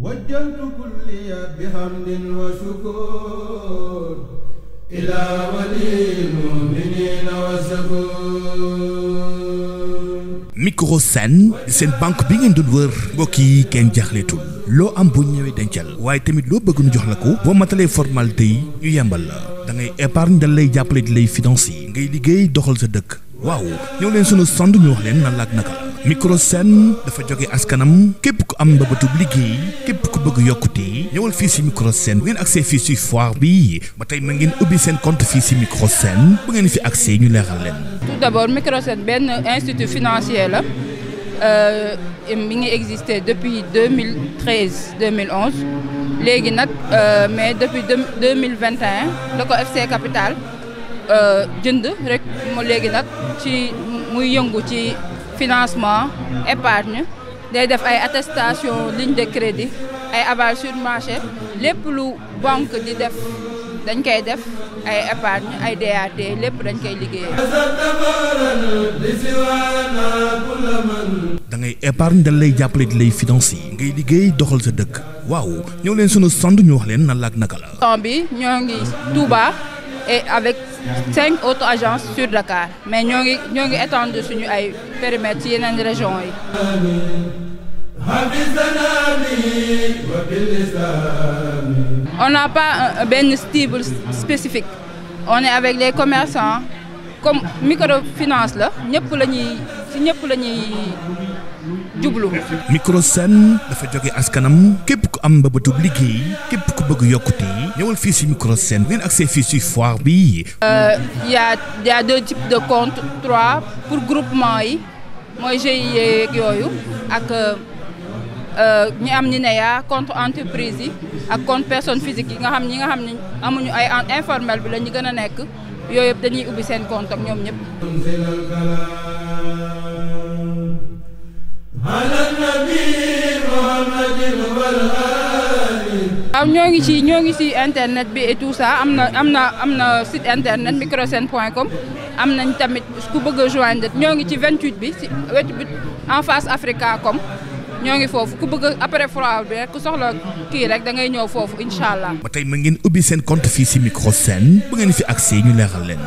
وجهت كلي بحمد وشكر seen banque bi ngeen doon wër mbokk yi kenn jaaxleetul loo am bu ñëwee dencal waaye tamit loo bëgg ñu jox na ko boo matalee formalité yi ñu yembal la da ngay épargne dal lay jàppale di lay financé ngay liggéey doxal sa dëkk waaw ñëw leen sunu sond ñu wax leen nan la ak naka la dafa joge askanam képp ku am mbabatub liggéey képp ku bëgg yokkute ñëwal fii si microsen bu ngeen accès fii si foire bi ba tey ma ngeen ubbi seen compte fii si microsen bu ngeen fi accès ñu leeral leen. tout d'abord microsen benn institut financier la euh, mi ngi existé depuis 2013 2011 léegi nag euh, mais depuis 2021 ko FC Capital. Euh, jënd rek mu léegi nag ci muy yëngu ci financement épargne day def ay attestation ligne de crédit ay aval sur marché lépp lu banque di def dañ koy def ay épargne ay DAT lépp dañ koy liggéeyee. da ngay épargne dañ lay jàppale di lay financé ngay liggéey doxal sa dëkk. waaw ñëw leen sunu sant ñu wax leen nan la ak naka la. bi ñoo ngi Touba et avec. cinq auto agences sur Dakar mais ñoo ngi ñoo ngi étendre suñu ay périmètres ci yeneen région yi on n'a pas benn stible spécifique on est avec les commerçants comme microfinance la ñëpp la ñuy ci ñëpp lañuy ñuy jublu. micro dafa jóge askanam képp ku am mbëbëtub liggéey képp ku bëgg yokkute ñëwal fii si microscène bu ngeen accès fii si foire bi euh, y a y a deux types de comptes trois pour groupement yi mooy GIE ak yooyu ak euh, euh, ñu am ni ne yaa compte entreprise yi ak compte personne physique yi nga xam ñi nga xam ne amuñu ay informel bi la ñu gën a nekk yooyu yëpp dañuy ubbi seen compte ak ñoom ñëpp waaw ñoo ngi ci ñoo ngi ci internet bi et tout am na am na am na site internet microsen point com am nañ tamit ku bëgg a joindre ñoo ngi ci 28 bi ci wet bi en face Africa com ñoo ngi foofu ku bëgg après froid bi rek ku soxla kii rek da ngay ñëw foofu incha allah. ba tey ma ngeen ubbi seen compte fii ci microsen bu ngeen fi accès ñu leeral leen.